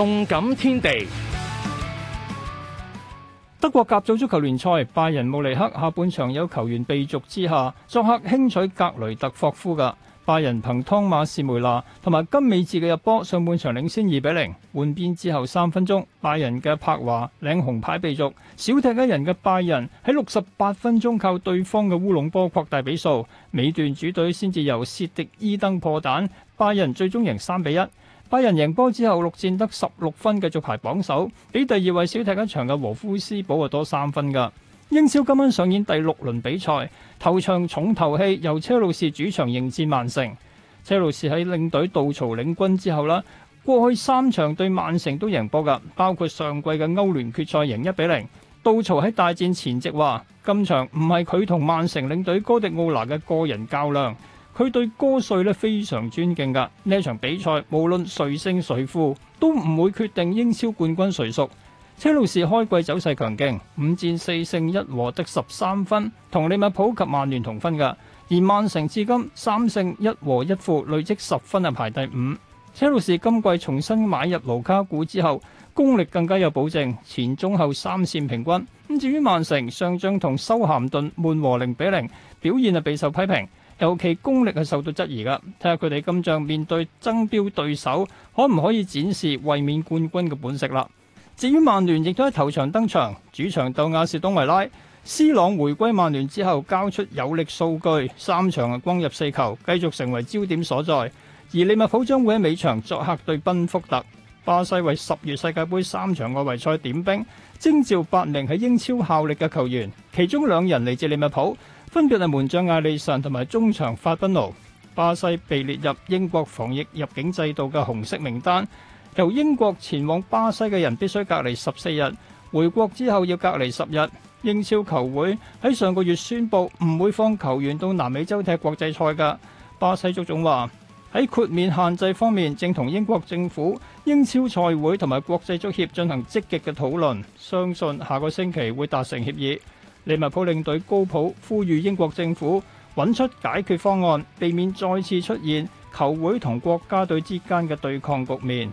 動感天地，德國甲組足球聯賽，拜仁慕尼黑下半場有球員被逐之下，作客輕取格雷特霍夫。噶拜仁憑湯馬士梅拿同埋金美治嘅入波，上半場領先二比零。換邊之後三分鐘，拜仁嘅柏華領紅牌被逐，少踢一人嘅拜仁喺六十八分鐘靠對方嘅烏龍波擴大比數。尾段主隊先至由薛迪伊登破蛋，拜仁最終贏三比一。拜仁贏波之後，六戰得十六分，繼續排榜首，比第二位少踢一場嘅和夫斯堡啊多三分噶。英超今晚上演第六輪比賽，頭場重頭戲由車路士主場迎戰曼城。車路士喺領隊杜曹領軍之後啦，過去三場對曼城都贏波噶，包括上季嘅歐聯決賽贏一比零。杜曹喺大戰前夕話：今場唔係佢同曼城領隊哥迪奧拿嘅個人較量。佢對歌帥咧非常尊敬㗎。呢一場比賽，無論誰勝誰負，都唔會決定英超冠軍誰屬。車路士開季走勢強勁，五戰四勝一和，得十三分，同利物浦及曼聯同分嘅。而曼城至今三勝一和一負，累積十分啊，排第五。車路士今季重新買入盧卡古之後，功力更加有保證，前中後三線平均。咁至於曼城上仗同修咸頓悶和零比零，表現啊，備受批評。尤其功力係受到質疑噶，睇下佢哋今仗面對爭標對手，可唔可以展示衛冕冠軍嘅本色啦？至於曼聯亦都喺頭場登場，主場鬥亞士東維拉，斯朗回歸曼聯之後交出有力數據，三場啊攻入四球，繼續成為焦點所在。而利物浦將會喺尾場作客對賓福特。巴西為十月世界杯三場外圍賽點兵，徵召八名喺英超效力嘅球員，其中兩人嚟自利物浦，分別係門將阿里臣同埋中場法賓奴。巴西被列入英國防疫入境制度嘅紅色名單，由英國前往巴西嘅人必須隔離十四日，回國之後要隔離十日。英超球會喺上個月宣布唔會放球員到南美洲踢國際賽㗎，巴西足總話。喺豁免限制方面，正同英國政府、英超賽會同埋國際足協進行積極嘅討論，相信下個星期會達成協議。利物浦領隊高普呼籲英國政府揾出解決方案，避免再次出現球會同國家隊之間嘅對抗局面。